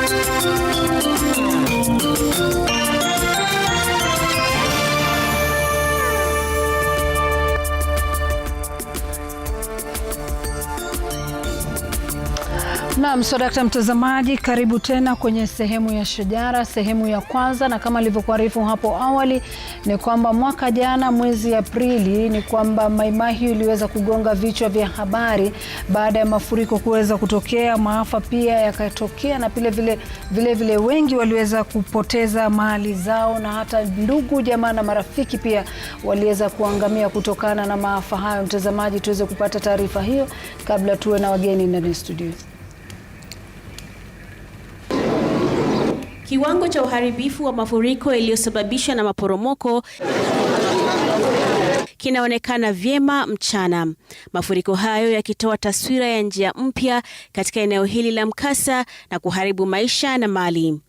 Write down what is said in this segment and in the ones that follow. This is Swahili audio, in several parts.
Música Naam, swadakta mtazamaji, karibu tena kwenye sehemu ya Shajara, sehemu ya kwanza, na kama ilivyokuarifu hapo awali ni kwamba mwaka jana mwezi Aprili ni kwamba Maimahiu iliweza kugonga vichwa vya habari baada ya mafuriko kuweza kutokea, maafa pia yakatokea, na vile vile, vile vile wengi waliweza kupoteza mali zao, na hata ndugu jamaa na marafiki pia waliweza kuangamia kutokana na maafa hayo. Mtazamaji, tuweze kupata taarifa hiyo kabla tuwe na wageni ndani ya studio. Kiwango cha uharibifu wa mafuriko yaliyosababishwa na maporomoko kinaonekana vyema mchana, mafuriko hayo yakitoa taswira ya njia mpya katika eneo hili la mkasa na kuharibu maisha na mali.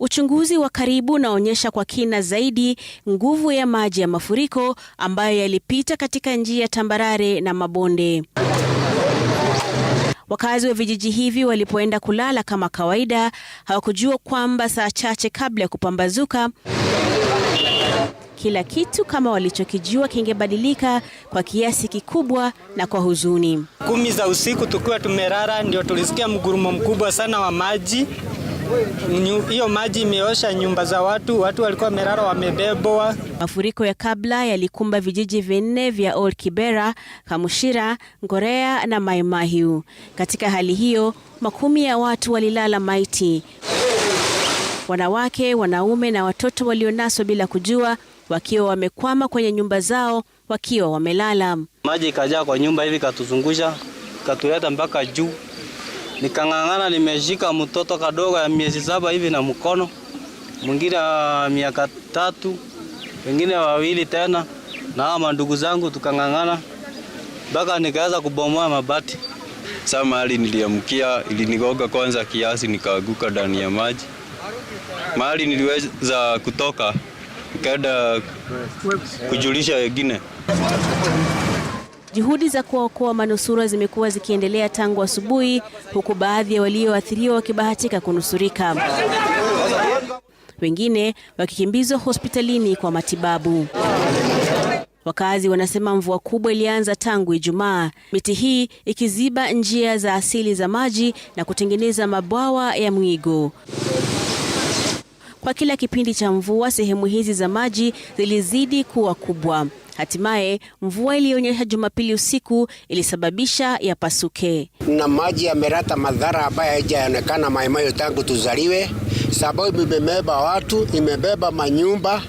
Uchunguzi wa karibu unaonyesha kwa kina zaidi nguvu ya maji ya mafuriko ambayo yalipita katika njia tambarare na mabonde. Wakazi wa vijiji hivi walipoenda kulala kama kawaida, hawakujua kwamba saa chache kabla ya kupambazuka kila kitu kama walichokijua kingebadilika kwa kiasi kikubwa na kwa huzuni. Kumi za usiku tukiwa tumerara, ndio tulisikia mgurumo mkubwa sana wa maji. Hiyo maji imeosha nyumba za watu, watu walikuwa merara wamebebwa. Mafuriko ya kabla yalikumba vijiji vinne vya Old Kibera, Kamushira, Ngorea na Maimahiu. Katika hali hiyo, makumi ya watu walilala maiti wanawake, wanaume na watoto walionaswa bila kujua, wakiwa wamekwama kwenye nyumba zao, wakiwa wamelala. Maji ikajaa kwa nyumba hivi, katuzungusha katuleta mpaka juu, nikang'ang'ana, nimeshika mtoto kadogo ya miezi saba hivi na mkono mwingine wa miaka tatu, wengine wawili tena, na hawa mandugu zangu tukang'ang'ana mpaka nikaweza kubomoa mabati. Saa mahali niliamkia ilinigoga kwanza kiasi, nikaaguka ndani ya maji mahali niliweza kutoka nikaenda kujulisha wengine. Juhudi za kuwaokoa manusura zimekuwa zikiendelea tangu asubuhi, huku baadhi ya walioathiriwa wakibahatika kunusurika, wengine wakikimbizwa hospitalini kwa matibabu. Wakazi wanasema mvua kubwa ilianza tangu Ijumaa, miti hii ikiziba njia za asili za maji na kutengeneza mabwawa ya mwigo kwa kila kipindi cha mvua, sehemu hizi za maji zilizidi kuwa kubwa. Hatimaye mvua iliyonyesha Jumapili usiku ilisababisha yapasuke, na maji yamerata madhara ambayo haijaonekana Maimayo tangu tuzaliwe, sababu imebeba watu, imebeba manyumba,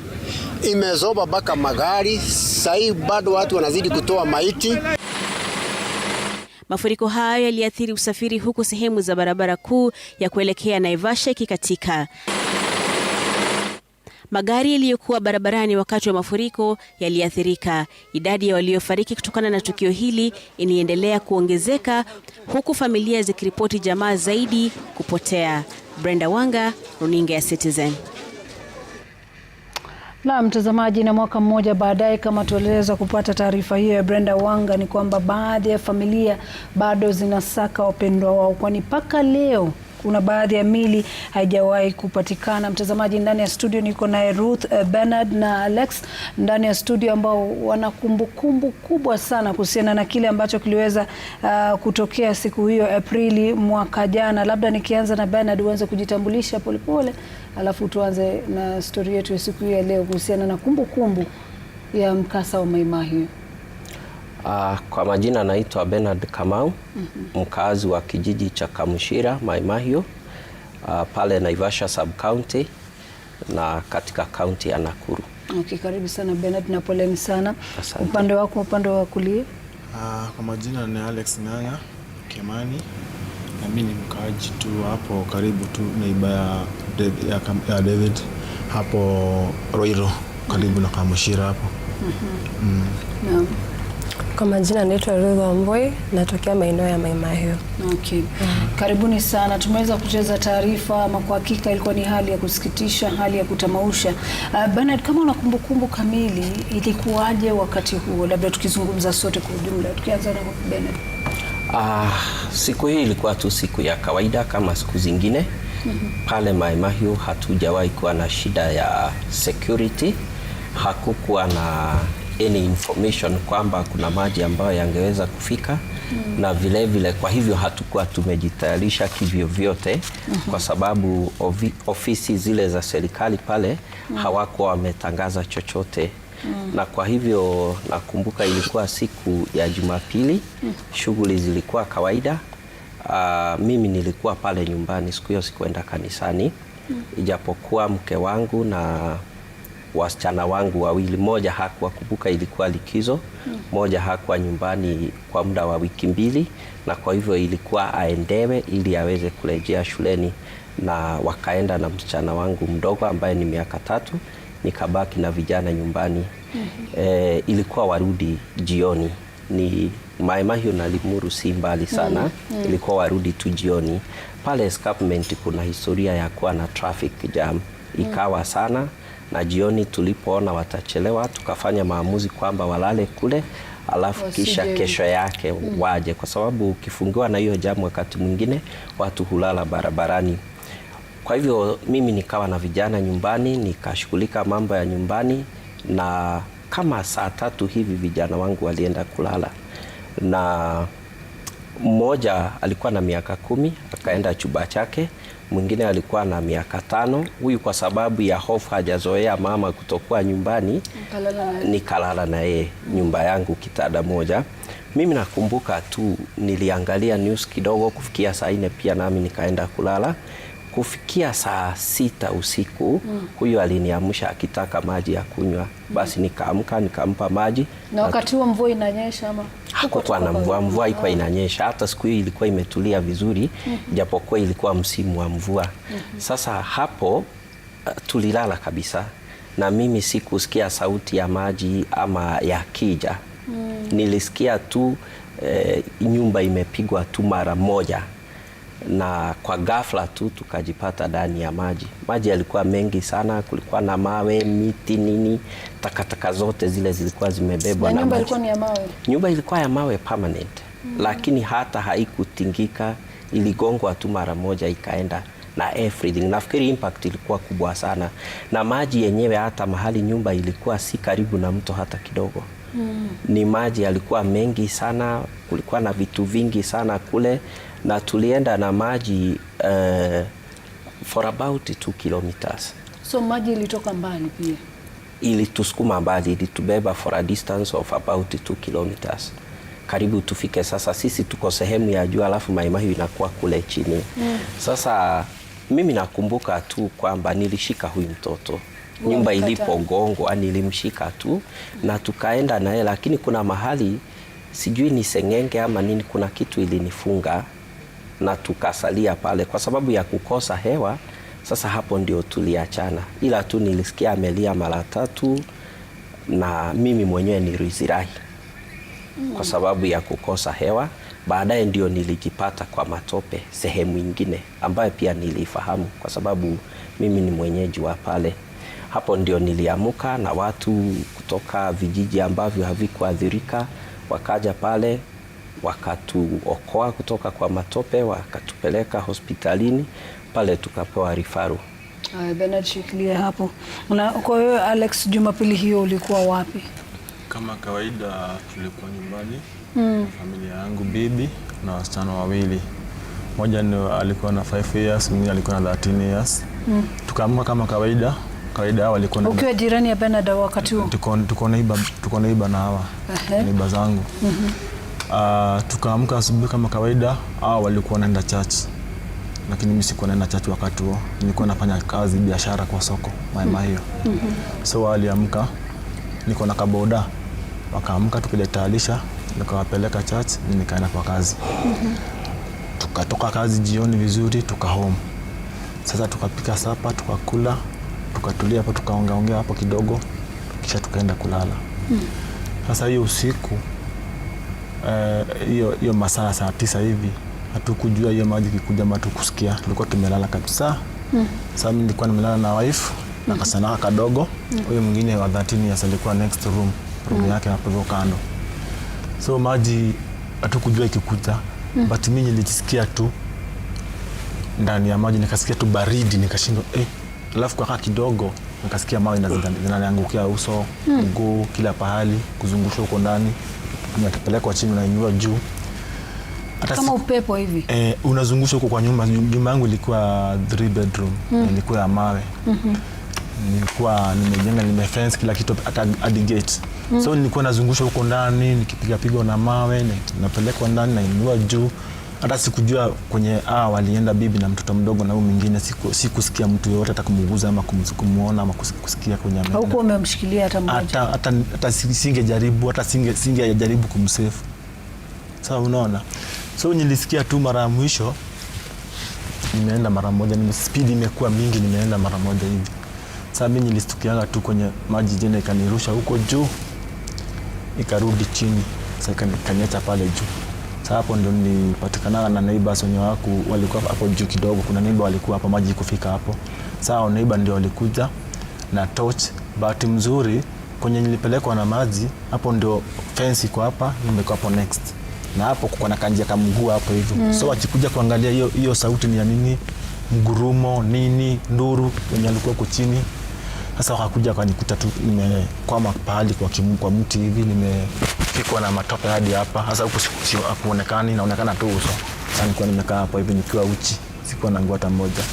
imezoba mpaka magari. Sahii bado watu wanazidi kutoa maiti. Mafuriko hayo yaliathiri usafiri, huku sehemu za barabara kuu ya kuelekea Naivasha ikikatika. Magari yaliyokuwa barabarani wakati wa mafuriko yaliathirika. Idadi ya waliofariki kutokana na tukio hili iliendelea kuongezeka huku familia zikiripoti jamaa zaidi kupotea. Brenda Wanga, Runinga ya Citizen. Na mtazamaji, na mwaka mmoja baadaye, kama tueleza kupata taarifa hiyo ya Brenda Wanga, ni kwamba baadhi ya familia bado zinasaka wapendwa wao, kwani mpaka leo kuna baadhi ya mili haijawahi kupatikana. Mtazamaji, ndani ya studio niko naye Ruth uh, Bernard na Alex ndani ya studio ambao wana kumbukumbu kubwa sana kuhusiana na kile ambacho kiliweza uh, kutokea siku hiyo Aprili mwaka jana. Labda nikianza na Bernard, uanze kujitambulisha polepole, alafu tuanze na stori yetu ya siku hii ya leo kuhusiana na kumbukumbu kumbu ya mkasa wa Mai Mahiu. Uh, kwa majina naitwa Bernard Kamau mm -hmm. mkazi wa kijiji cha Kamushira Maimahio uh, ah, pale Naivasha sub county na katika kaunti ya Nakuru. Okay, karibu sana Bernard na poleni sana. Asante. Upande wako upande wa kulia? Uh, kwa majina ni Alex Ng'ang'a Kemani na mimi ni mkaaji tu hapo karibu tu neiba ya, ya, ya David hapo Roiro karibu na Kamushira hapo mhm. mm -hmm. mm. No. Kwa majina naitwa Ruth Mboi, natokea maeneo ya Maimahiu. Okay. Mm -hmm. Karibuni sana, tumeweza kucheza taarifa ama kwa hakika ilikuwa ni hali ya kusikitisha, hali ya kutamausha. Uh, Bernard, kama una kumbukumbu kamili ilikuwaje wakati huo, labda tukizungumza sote kwa ujumla, tukianza na Bernard. Uh, siku hii ilikuwa tu siku ya kawaida kama siku zingine. Mm -hmm. Pale Maimahiu hatujawahi kuwa na shida ya security, hakukuwa na any information kwamba kuna maji ambayo yangeweza kufika mm. na vilevile vile, kwa hivyo hatukuwa tumejitayarisha kivyovyote mm -hmm. kwa sababu ovi, ofisi zile za serikali pale mm. hawakuwa wametangaza chochote mm. na kwa hivyo nakumbuka ilikuwa siku ya Jumapili mm. shughuli zilikuwa kawaida. Uh, mimi nilikuwa pale nyumbani siku hiyo, sikuenda kanisani mm. ijapokuwa mke wangu na wasichana wangu wawili, moja hakuwa kumbuka, ilikuwa likizo, moja hakuwa nyumbani kwa muda wa wiki mbili, na kwa hivyo ilikuwa aendewe ili aweze kurejea shuleni, na wakaenda na msichana wangu mdogo ambaye ni miaka tatu, nikabaki na vijana nyumbani. mm -hmm. E, ilikuwa warudi jioni ni Maimahiu na Limuru si mbali sana. mm -hmm. Ilikuwa warudi tu jioni. Pale escarpment kuna historia ya kuwa na traffic jam, mhm. ikawa sana mm na jioni tulipoona watachelewa tukafanya maamuzi kwamba walale kule alafu kisha kesho yake mm. waje, kwa sababu ukifungiwa na hiyo jamu, wakati mwingine watu hulala barabarani. Kwa hivyo mimi nikawa na vijana nyumbani, nikashughulika mambo ya nyumbani, na kama saa tatu hivi vijana wangu walienda kulala, na mmoja alikuwa na miaka kumi akaenda chumba chake mwingine alikuwa na miaka tano. Huyu kwa sababu ya hofu hajazoea mama kutokuwa nyumbani, nikalala na yeye nyumba yangu kitanda moja. Mimi nakumbuka tu niliangalia news kidogo kufikia saa nne pia nami nikaenda kulala. Kufikia saa sita usiku mm. huyu aliniamsha akitaka maji ya kunywa basi, nikaamka nikampa maji. Na wakati huo mvua inanyesha ama hakukuwa na mvua? Mvua ilikuwa inanyesha, hata siku hiyo ilikuwa imetulia vizuri mm -hmm. japokuwa ilikuwa msimu wa mvua mm -hmm. Sasa hapo uh, tulilala kabisa, na mimi sikusikia sauti ya maji ama ya kija mm. nilisikia tu eh, nyumba imepigwa tu mara moja na kwa ghafla tu tukajipata ndani ya maji. Maji yalikuwa mengi sana, kulikuwa na mawe, miti, nini, takataka zote zile zilikuwa zimebebwa na, na maji. Nyumba ilikuwa ya mawe permanent mm -hmm. Lakini hata haikutingika, iligongwa tu mara moja ikaenda na everything. Nafikiri impact ilikuwa kubwa sana, na maji yenyewe hata mahali nyumba ilikuwa si karibu na mto hata kidogo. Mm. Ni maji yalikuwa mengi sana, kulikuwa na vitu vingi sana kule na tulienda na maji uh, for about 2 kilometers. So maji ilitoka mbali pia? Ilitusukuma mbali, ilitubeba for a distance of about 2 kilometers karibu tufike. Sasa sisi tuko sehemu ya juu, alafu maimahi inakuwa kule chini mm. Sasa mimi nakumbuka tu kwamba nilishika huyu mtoto nyumba ilipogongwa, ah, nilimshika tu mm. na tukaenda naye, lakini kuna mahali sijui ni sengenge ama nini, kuna kitu ilinifunga na tukasalia pale kwa sababu ya kukosa hewa. Sasa hapo ndio tuliachana, ila tu nilisikia amelia mara tatu na mimi mwenyewe nilizirahi kwa sababu ya kukosa hewa. Baadaye ndio nilijipata kwa matope sehemu ingine ambayo pia nilifahamu kwa sababu mimi ni mwenyeji wa pale. Hapo ndio niliamuka na watu kutoka vijiji ambavyo havikuathirika wakaja pale wakatuokoa kutoka kwa matope, wakatupeleka hospitalini pale tukapewa rifaru. Haya, Bernard, shikilia hapo. Na kwa wewe Alex, Jumapili hiyo ulikuwa wapi? Kama kawaida tulikuwa nyumbani mm. familia yangu, bibi na wasichana wawili, moja ni alikuwa na 5 years, mwingine alikuwa na 13 years mm. tukaamka kama kawaida kawaida hawa walikuwa na ukiwa jirani ya Bernard wakati huo, tuko neiba tuko na hawa niba zangu mm -hmm. Uh, tukaamka asubuhi kama kawaida, au walikuwa naenda church, lakini mimi sikuwa naenda church wakati huo, nilikuwa nafanya kazi biashara kwa soko maema hiyo. -hmm. So waliamka, niko na kaboda, wakaamka, tukajitayarisha, nikawapeleka church, nikaenda kwa kazi. mm -hmm. Tukatoka kazi jioni vizuri, tuka home sasa, tukapika sapa, tukakula, tukatulia hapo, tukaongeaongea hapo kidogo, kisha tukaenda kulala. mm -hmm. Sasa hiyo usiku Eh, hiyo uh, hiyo masaa saa tisa hivi hatukujua hiyo maji kikuja, ama tukusikia, tulikuwa tumelala kabisa mm. Sasa mimi nilikuwa nimelala na wife na hmm. kasanaka kadogo hmm. huyo mm. mwingine wa 13 years alikuwa next room room mm. yake hapo kando, so maji hatukujua ikikuja mm. but mimi nilisikia tu ndani ya maji nikasikia tu baridi nikashindwa, eh, alafu kwa kidogo nikasikia mawe hmm. zinaniangukia uso, mguu, mm. kila pahali kuzungusha huko ndani unakipelekwa chini unainua juu hata kama upepo hivi eh, unazungusha huko kwa nyumba. Nyumba yangu ilikuwa 3 bedroom mm. ilikuwa ya mawe mm -hmm. nilikuwa nimejenga, nime fence kila kitu hata hadi gate mm. so nilikuwa nazungusha huko ndani nikipiga pigo na mawe, napelekwa ndani nainua juu hata sikujua kwenye a ah, walienda bibi na mtoto mdogo na huyu mwingine, sikusikia siku mtu yoyote atakumuguza ama kumuona ama kusikia kwenye ameenda. Huko umemshikilia hata mmoja? Hata hata, hata singejaribu hata singe singejaribu kumsefu. Sawa, unaona. So nilisikia tu mara ya mwisho nimeenda mara moja, nime speed imekuwa mingi, nimeenda mara moja hivi. Sasa mimi nilistukianga tu kwenye maji jene, ikanirusha huko juu, ikarudi chini, sasa ikaniacha pale juu. Sasa hapo ndio nilipatikana na neighbors wenye waku walikuwa hapo juu kidogo, kuna neighbor walikuwa hapo maji kufika hapo. Sasa neighbor ndio walikuja na torch. Bahati mzuri kwenye nilipelekwa na maji hapo ndio fence iko hapa, nimekuwa hapo next na hapo kuko na kanjia kama mguu hapo hivyo mm. So wakikuja kuangalia hiyo hiyo sauti ni ya nini, mgurumo nini, nduru wenye alikuwa huko chini. Sasa wakakuja wakanikuta tu nimekwama pahali kwa, kimu, kwa mti hivi nime nimefikwa na matope hadi hapa. Sasa huku sikuonekani naonekana tu uso. Sasa nilikuwa nimekaa hapo hivi nikiwa uchi, sikuwa na nguo hata moja.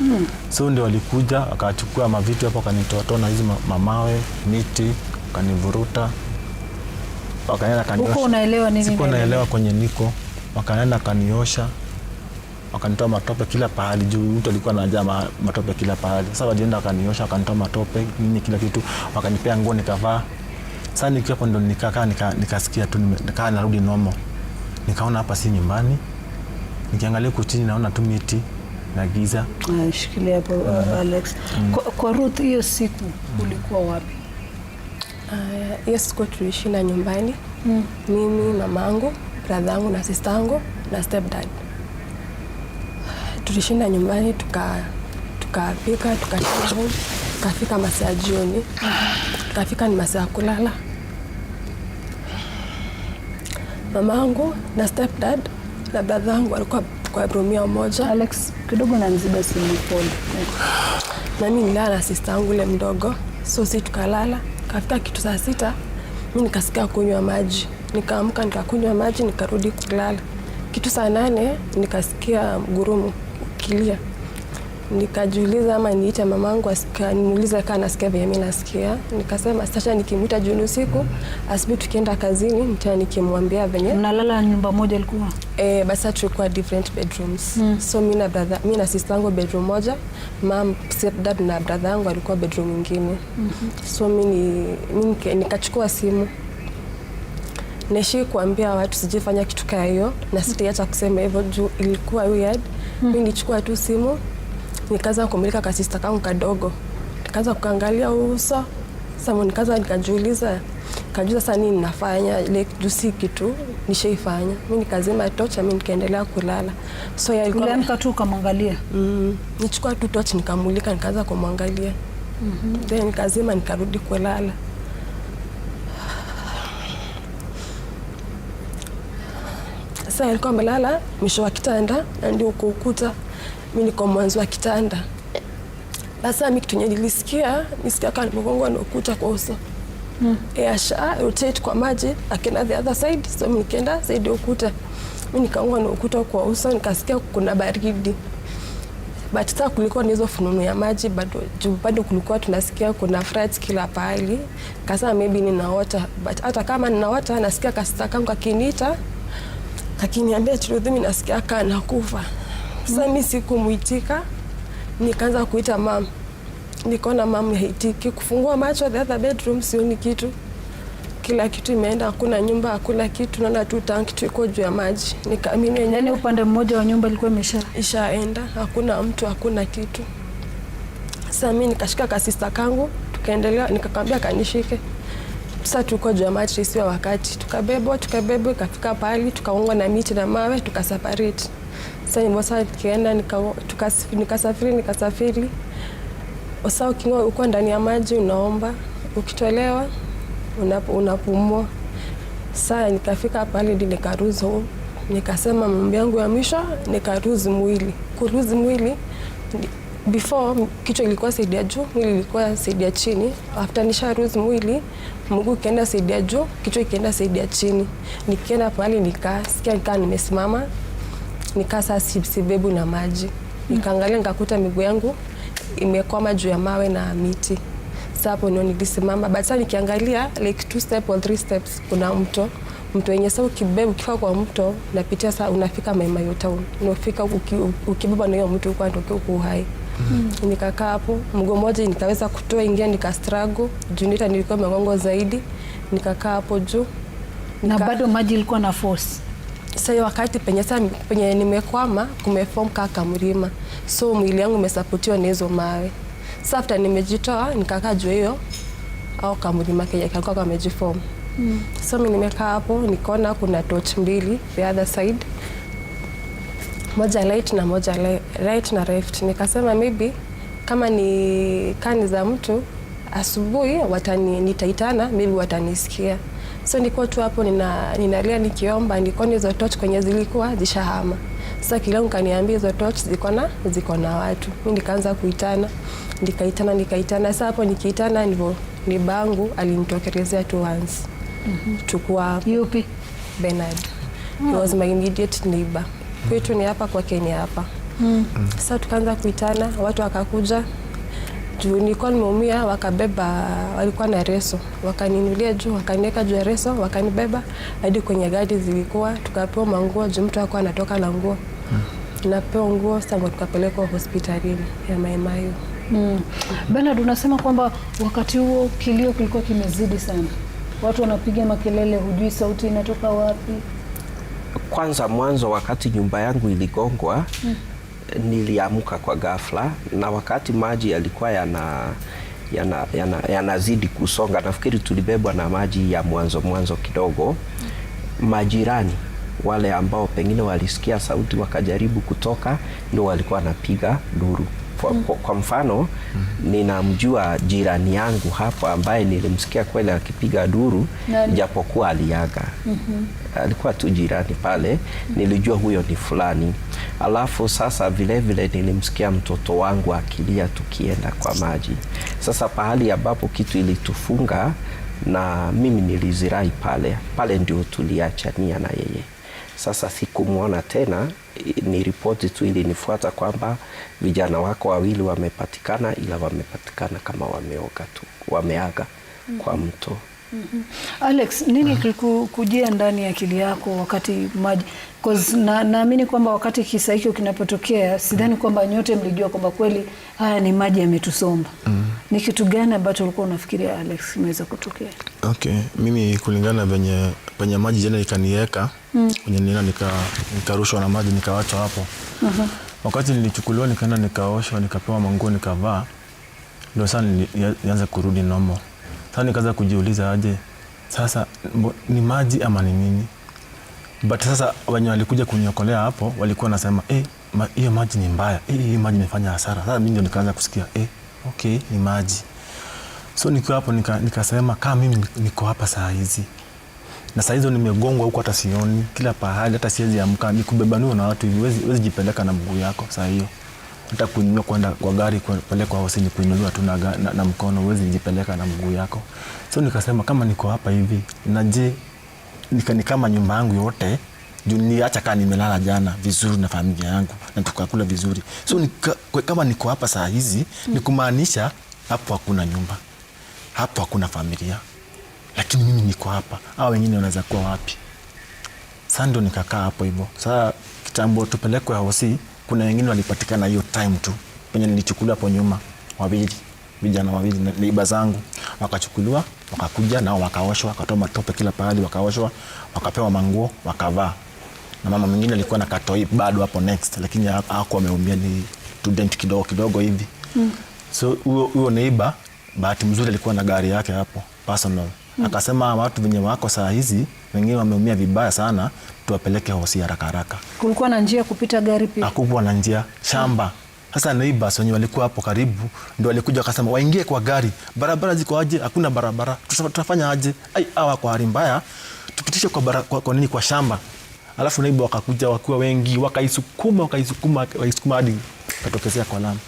Mm. So ndio walikuja wakachukua mavitu hapo wakanitoatoa na hizi mamawe, miti, wakanivuruta. Wakaenda kaniosha. Huko unaelewa nini? Sikuwa naelewa kwenye niko. Wakaenda kaniosha. Wakanitoa matope kila pahali juu mtu alikuwa anajaa matope kila pahali. Sasa walienda wakaniosha, wakanitoa matope, nini kila kitu, wakanipea nguo nikavaa. Sasa nikiwa hapo ndo nikakaa nikasikia tu nikaa narudi nomo Nikaona hapa si nyumbani. Nikiangalia huku chini naona tu miti na giza. Ah, shikilia hapo mm. uh, Alex. Mm. Kwa, kwa Ruth hiyo siku ulikuwa wapi? Uh, ah, yes, kwa tuishi na nyumbani. Mm. Mimi, mamangu, bradhangu na sistangu yangu na stepdad. Tuliishi na nyumbani tuka tukapika tukashinda tukafika masaa jioni. Ah. Tukafika ni masaa kulala. mamangu na stepdad na brother wangu walikuwa kwa room moja. Alex, kidogo na mziba simu pole. Na mimi nilala na sister yangu ile mdogo, so si tukalala. Kafika kitu saa sita, mimi nikasikia kunywa maji, nikaamka nikakunywa maji, nikarudi kulala. Kitu saa nane nikasikia mgurumu ukilia nikajiuliza ama niite mamangu niulize kaa nasikia vile mi nasikia. Nikasema sasa nikimwita juni usiku, asubuhi tukienda kazini mtaa nikimwambia venye mnalala nyumba moja ilikuwa e, basi tulikuwa different bedrooms mm. So mi na brother mimi na sister yangu bedroom moja, mam stepdad na brother yangu alikuwa bedroom ingine mm -hmm. So mi nikachukua simu naishi kuambia watu sijifanya kitu kaa hiyo na sitaacha kusema hivyo juu ilikuwa weird mm. Mimi nilichukua tu simu nikaza kumulika kumilika sister kangu kadogo, nikaza kukangalia uso sasa, nikaza nikajiuliza, kajuza sasa nini nafanya ile jusi kitu nishaifanya mimi, nikazima tocha mimi nikaendelea kulala. So ya ilikuwa uliamka tu ukamwangalia? Mm, nichukua tu tocha nikamulika nikaanza kumwangalia mm -hmm. Then nikazima nikarudi kulala. Sasa ilikuwa amelala mwisho wa kitanda na ndio ukukuta mi niko mwanzo wa kitanda. Sasa mi kitu nilisikia nisikia kama nimegongwa na ukuta kwa uso mm. E, asha rotate kwa maji akaenda the other side, so nikaenda side ukuta, mi nikaungwa na ukuta kwa uso, nikasikia kuna baridi but sasa kulikuwa na hizo fununu ya maji bado juu, bado kulikuwa tunasikia kuna floods kila pahali. Kasema maybe ninaota, but hata kama ninaota nasikia kasta kangu kakiniita kakiniambia, Chirudhi, nasikia kana nakufa sasa mimi sikumwitika, nikaanza kuita mam, nikaona mam haitiki. Kufungua macho the other bedroom, sioni kitu, kila kitu imeenda, hakuna nyumba, hakuna kitu, naona tu tanki tu iko juu ya maji. Nikaamini yenyewe, yani upande mmoja wa nyumba ilikuwa imesha ishaenda, hakuna mtu, hakuna kitu. Sasa mimi nikashika kasista kangu, tukaendelea, nikakwambia kanishike sasa tuko juu ya maji isiyo wakati, tukabebwa tukabebwa, ikafika pahali tukaungwa na miti na mawe, tukasaparate. Sasa ni tukaenda tukienda nikasafiri nikasafiri. Sasa ukiwa uko ndani ya maji unaomba, ukitolewa unapumua. saa nikafika pale ndi nikaruzu, nikasema mambo yangu ya mwisho, nikaruzi mwili. Kuruzi mwili before kichwa ilikuwa saidi ya juu, mwili ilikuwa saidi ya chini. After nisha ruzi mwili, mguu saidi ya juu, kichwa saidi ya chini. Nikienda pale nikasikia nikaa nimesimama nikaa saa sibebu na maji, nikaangalia nikakuta miguu yangu imekwama juu ya mawe na miti. Sasa hapo ndio nilisimama, but sasa nikiangalia like two step or three steps kuna mto mto wenye sasa ukibeba ukifika kwa mto napitia sasa unafika Maimayo town, unafika ukibeba na hiyo mtu kwa ndio uko uhai. Mm. Nikakaa hapo mguu mmoja nikaweza kutoa ingia, nika struggle junita, nilikuwa mgongo zaidi, nikakaa hapo juu nika... na bado maji ilikuwa na force sasa wakati penye sasa penye nimekwama kumeform kaka mlima, so mwili yangu umesapotiwa na hizo mawe. Sasa after nimejitoa nikakaa juu hiyo au kamlima kenye kalikuwa kamejiform. Mm. So mimi nimekaa hapo nikaona kuna torch mbili the other side, moja light na moja right na left. Nikasema maybe kama ni kani za mtu asubuhi watani nitaitana maybe watanisikia. So nilikuwa tu hapo nina ninalia nikiomba, nilikuwa hizo torch kwenye zilikuwa zishahama. Sasa kilangu kaniambia hizo torch ziko na ziko na watu. Mimi nikaanza kuitana, nikaitana nikaitana. Sasa hapo nikiitana ndivyo ni bangu alinitokelezea tu once. Mm -hmm. Chukua yupi? Bernard. Mm. He was my immediate neighbor. Kwetu ni hapa kwa Kenya hapa. Mm. Sasa tukaanza kuitana, watu wakakuja juu nilikuwa nimeumia, wakabeba, walikuwa na reso, wakaninulia juu, wakaniweka juu ya reso, wakanibeba hadi kwenye gari zilikuwa, tukapewa manguo juu mtu akuwa anatoka na nguo hmm. napewa nguo sama, tukapelekwa hospitalini ya Maimayu. Mm. Bernard, unasema kwamba wakati huo kilio kilikuwa kimezidi sana, watu wanapiga makelele, hujui sauti inatoka wapi? Kwanza mwanzo, wakati nyumba yangu iligongwa mm niliamka kwa ghafla, na wakati maji yalikuwa yana yanazidi yana, yana kusonga, nafikiri tulibebwa na maji ya mwanzo mwanzo kidogo. Majirani wale ambao pengine walisikia sauti wakajaribu kutoka, ndio walikuwa wanapiga duru kwa, kwa, kwa mfano mhm. ninamjua jirani yangu hapa ambaye nilimsikia kweli akipiga duru japokuwa aliaga. mm -hmm. Alikuwa tu jirani pale, nilijua huyo ni fulani. Alafu sasa vilevile nilimsikia mtoto wangu akilia tukienda kwa maji. Sasa pahali ambapo kitu ilitufunga na mimi nilizirai pale pale, ndio tuliachania na yeye. Sasa sikumwona tena, ni ripoti tu ilinifuata kwamba vijana wako wawili wamepatikana, ila wamepatikana kama wameoga tu, wameaga mm -hmm. kwa mto. Mm -hmm. Alex, nini kilikujia ndani ya akili yako wakati maji cause na naamini kwamba wakati kisa hicho kinapotokea, sidhani kwamba nyote mlijua kwamba kweli haya ni maji yametusomba. mm. Ni kitu gani ambacho ulikuwa unafikiria Alex imeweza kutokea? Okay, mimi kulingana venye venye maji jana ikaniweka mm. kwenye nina nikarushwa nika na maji nikawachwa hapo. uh -huh. Wakati nilichukuliwa nikaenda nikaoshwa nikapewa manguo nikavaa, ndio sasa nianze kurudi nomo Sasa nikaanza kujiuliza aje, sasa ni maji ama ni nini? But sasa wenye walikuja kuniokolea hapo walikuwa nasema eh, hiyo ma, maji ni mbaya eh, hiyo maji imefanya hasara. Sasa mimi ndio nikaanza kusikia eh, okay ni maji. So niko hapo nikasema nika kama mimi niko hapa saa hizi na saa hizo nimegongwa huko, hata sioni kila pahali, hata siwezi amka, nikubebanua na watu hivi, wezi jipeleka na mguu yako saa hiyo, hata kuinua kwenda kwa gari kupelekwa hosi ni kuinuliwa tu na, na, na mkono, wezi jipeleka na mguu yako. So nikasema kama niko hapa hivi na je ni kama nyumba yangu yote juu niacha kaa nimelala jana vizuri na familia yangu na tukakula vizuri. So nika, kama niko hapa saa hizi mm. ni kumaanisha hapo hakuna nyumba, hapo hakuna familia, lakini mimi niko hapa, au wengine wanaweza kuwa wapi? Sasa ndo nikakaa hapo hivyo. Sasa kitambo tupelekwe hosi kuna wengine walipatikana hiyo time tu penye nilichukuliwa hapo nyuma, wawili vijana wawili neiba zangu wakachukuliwa wakakuja nao wakaoshwa, wakatoa matope kila pahali, wakaoshwa, wakapewa manguo, wakavaa. Na mama mwingine alikuwa na katoi bado hapo next, lakini hakuwa ameumia, ni student kidogo kidogo hivi mm. So huyo huyo neighbor bahati mzuri alikuwa na gari yake hapo personal mm. Akasema watu venye wako saa hizi wengine wameumia vibaya sana, tuwapeleke hosi haraka haraka. Kulikuwa na njia kupita gari pia? Hakukuwa na njia, shamba mm. Sasa neighbors wenye walikuwa hapo karibu ndio walikuja wakasema waingie kwa gari. Barabara ziko aje? Hakuna barabara. Tutafanya aje? Ai, hawa kwa hali mbaya. Tupitishe kwa, bara, kwa, kwa nini kwa shamba. Alafu neighbor wakakuja wakiwa wengi, wakaisukuma wakaisukuma wakaisukuma hadi katokezea kwa lami.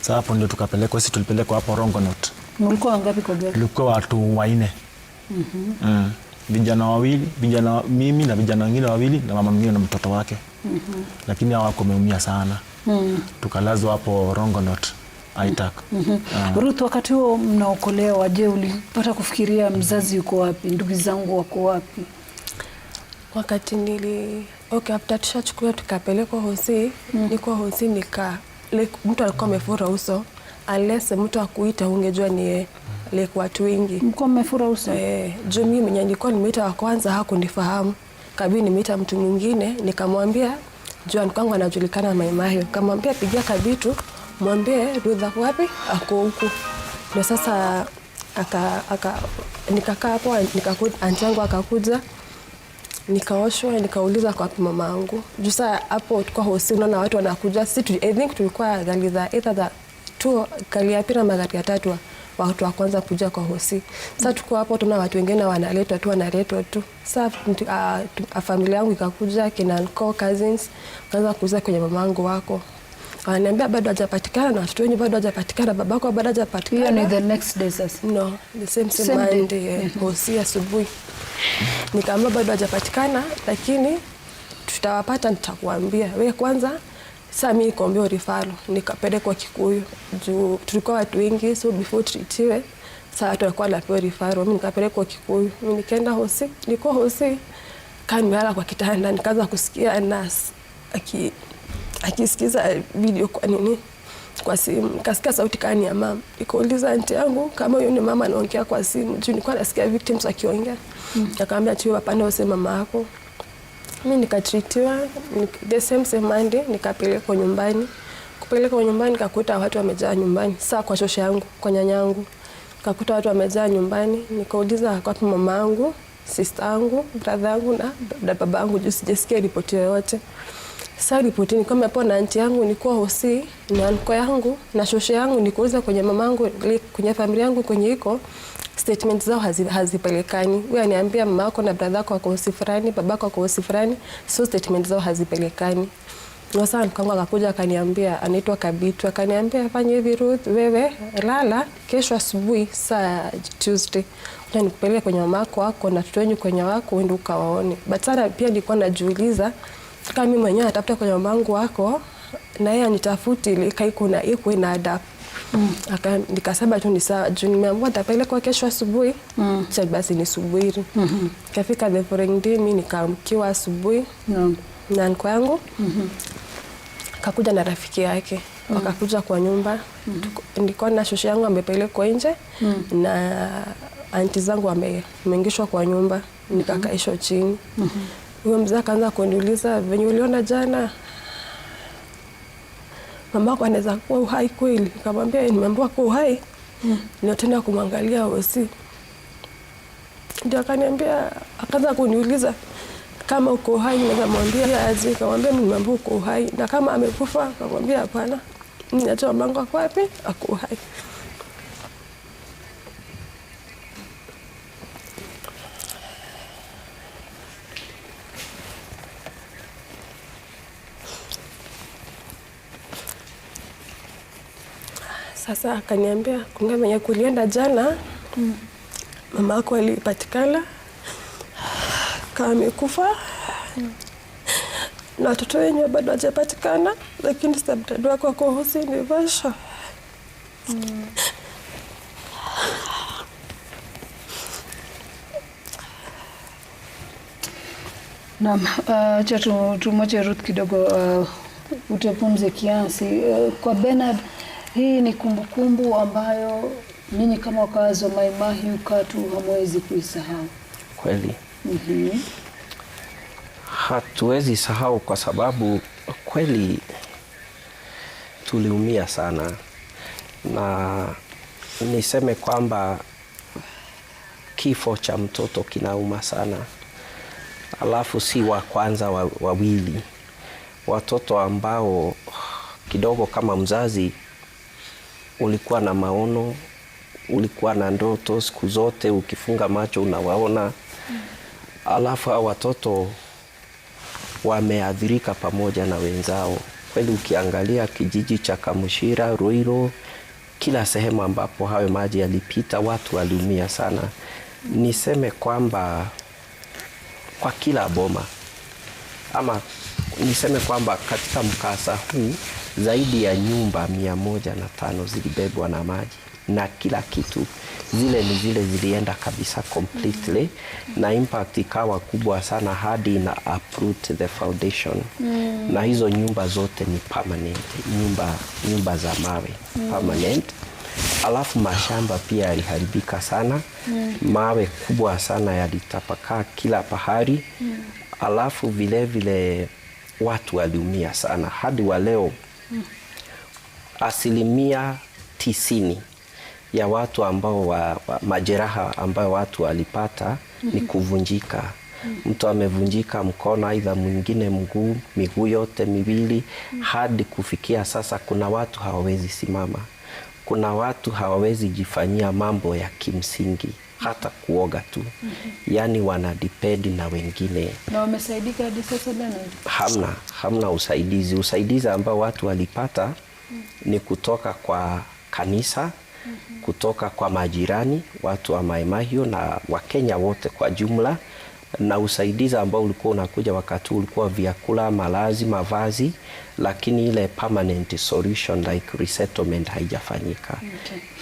Sasa hapo ndio tukapelekwa sisi, tulipelekwa hapo Rongonot. Mlikuwa wangapi kwa gari? Tulikuwa watu wanne. Mhm. Mm mm. Vijana wawili, vijana mimi na vijana wengine wawili na mama mwingine na mtoto wake. Mhm. Mm, lakini hawako wameumia sana mm. tukalazwa hapo Rongonot mhm. Aitak. mm -hmm. uh, Ruth, wakati huo mnaokolewa, je, ulipata kufikiria mzazi yuko wapi, ndugu zangu wako wapi? Wakati nili okay, after tushachukuliwa tukapelekwa hosi mm. niko hosi nika like, mtu alikuwa amefura uso unless mtu akuita ungejua ni yeye like watu wengi mko mmefura uso eh, juu mimi mwenye nilikuwa nimeita wa kwanza hakunifahamu, kabidi nimeita mtu mwingine nikamwambia Joan kwangu anajulikana Maimayo, kamwambia pigia kabitu, mwambie Rudha wapi ako huku. Na sasa aka, aka nikakaa hapo anti yangu akakuja nikaoshwa nikauliza kwa mama yangu juu saa hapo tulikuwa hosi, unaona watu wanakuja si I think tulikuwa gari za either za tu gari ya magari ya tatu watu wa kwanza kuja kwa hosi. Sasa tuko hapo, tuna watu wengine wanaletwa tu wanaletwa tu. Sasa uh, familia yangu ikakuja kina uncle cousins, kwanza kuuza kwenye mamangu wako wananiambia bado hajapatikana na watoto wenyu bado hajapatikana, babako bado hajapatikana. Hiyo ni the next day sasa. No, the same same, same Monday day. Eh, hosi mm-hmm. asubuhi nikaambia bado hajapatikana, lakini tutawapata, nitakuambia wewe kwanza sasa mimi nikaombewa rifaro nikapelekwa Kikuyu juu tulikuwa watu wengi, so before tritiwe sasa watu walikuwa wanapewa rifaro, mimi nikapelekwa Kikuyu. Mimi nikaenda hosi, niko hosi kaa nimelala kwa kitanda, nikaanza kusikia nurse aki akisikiza video kwa nini kwa simu, nikasikia sauti kani ya mama, nikauliza aunti yangu kama huyo ni mama anaongea kwa simu, juu nikuwa nasikia victims akiongea. Mm. Akaambia tu wapande hosi mama yako mi nikatritiwa the same same Monday, nikapelekwa nyumbani. Kupelekwa nyumbani, kakuta watu wamejaa nyumbani, saa kwa shosha yangu, kwa nyanyangu kakuta watu wamejaa nyumbani. Nikauliza wapi mama yangu, sister yangu, brother yangu na baba babangu, juu sijasikia ripoti yoyote. Sasa ripotini kama hapo na anti yangu ni kwa hosi na anko yangu na shoshe yangu ni nikuuza kwenye mamangu kwenye familia yangu kwenye iko statement zao hazipelekani. Wewe aniambia mama yako na brother yako wako hosi fulani, babako wako hosi fulani, so statement zao hazipelekani. Sasa mkangu akakuja akaniambia, anaitwa Kabitu, akaniambia fanye hivi Ruth, wewe lala, kesho asubuhi saa Tuesday na nikupeleke kwenye mamako wako na watoto wenyu kwenye wako uende ukawaone. But sana pia nilikuwa najiuliza kama mimi mwenyewe natafuta kwenye mamangu wako na yeye anitafuti ili kai kuna ikwe na adapt Mm. Aka nikasema tu ni sawa juu nimeamua nitapelekwa kesho asubuhi mm. Cha basi ni nisubiri mm -hmm. Kafika the following day mimi nikaamkiwa asubuhi mm. na nko yangu mm -hmm. Kakuja na rafiki yake mm. Wakakuja kwa nyumba mm -hmm. Nilikuwa na shosho yangu amepelekwa nje mm. na anti zangu wameingishwa kwa nyumba nikakaishwa mm-hmm. chini mm -hmm. Huyo mzee akaanza kuniuliza venye uliona jana, mamako anaweza kuwa uhai kweli? Nikamwambia eh, nimeambiwa kuwa uhai mm. Niotenda kumwangalia wosi ndio akaniambia, akaanza kuniuliza kama uko uhai naweza mwambia aje? Nikamwambia nimeambiwa uko uhai, na kama amekufa. kamwambia hapana, najua mamangu ako wapi, ako uhai. Sasa akaniambia kuna mwenye kulienda jana mm. mama yako alipatikana kama amekufa mm. na watoto wenyewe bado hajapatikana, lakini stepdad wako ako hosini Naivasha Naam, uh, acha uh, tumwache Ruth kidogo uh, utepumze kiasi uh, kwa Bernard hii ni kumbukumbu kumbu ambayo ninyi kama wakazi wa Maimahiu katu hamwezi kuisahau kweli? mm -hmm. Hatuwezi sahau kwa sababu kweli tuliumia sana, na niseme kwamba kifo cha mtoto kinauma sana, alafu si wa kwanza wawili, watoto ambao kidogo kama mzazi ulikuwa na maono, ulikuwa na ndoto siku zote, ukifunga macho unawaona. Alafu hao watoto wameathirika pamoja na wenzao. Kweli ukiangalia kijiji cha Kamushira, Ruiro, kila sehemu ambapo hayo maji yalipita, watu waliumia sana. Niseme kwamba kwa kila boma ama niseme kwamba katika mkasa huu zaidi ya nyumba mia moja na tano zilibebwa na maji na kila kitu, zile ni zile zilienda kabisa completely mm -hmm. na impact ikawa kubwa sana hadi na uproot the foundation mm -hmm. na hizo nyumba zote ni permanent, nyumba, nyumba za mawe mm -hmm. permanent alafu mashamba pia yaliharibika sana mm. Mawe kubwa sana yalitapakaa kila pahali mm. Alafu vilevile vile watu waliumia sana hadi wa leo asilimia tisini ya watu ambao wa, wa, majeraha ambayo watu walipata ni mhm. kuvunjika mhm. mtu amevunjika mkono aidha mwingine mguu, miguu yote miwili mhm. Hadi kufikia sasa, kuna watu hawawezi simama, kuna watu hawawezi jifanyia mambo ya kimsingi hata kuoga tu mm -hmm. Yaani wanadipendi na wengine na wamesaidika hadi sasa bana, hamna hamna usaidizi. Usaidizi ambao watu walipata mm -hmm. ni kutoka kwa kanisa mm -hmm. kutoka kwa majirani, watu wa Maimahio na Wakenya wote kwa jumla na usaidizi ambao ulikuwa unakuja wakati ulikuwa vyakula, malazi, mavazi, lakini ile permanent solution like resettlement haijafanyika.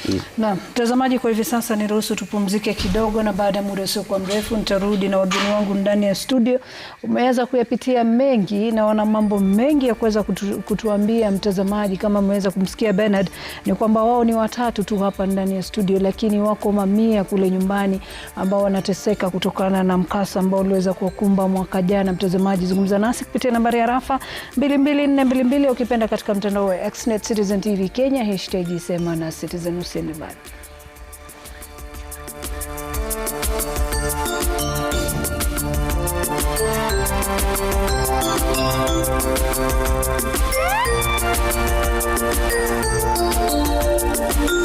Okay. Na mtazamaji, kwa hivi sasa niruhusu tupumzike kidogo, na baada ya muda usiokuwa mrefu nitarudi na wageni wangu ndani ya studio. Umeweza kuyapitia mengi, naona mambo mengi ya kuweza kutu, kutuambia mtazamaji. Kama umeweza kumsikia Bernard, ni kwamba wao ni watatu tu hapa ndani ya studio, lakini wako mamia kule nyumbani ambao wanateseka kutokana na mkasa ambao uliweza kuwakumba mwaka jana. Mtazamaji, zungumza nasi kupitia nambari ya rafa 22422 ukipenda katika mtandao wa Xnet, Citizen TV Kenya, hashtag sema na Citizen. Usiende mbali.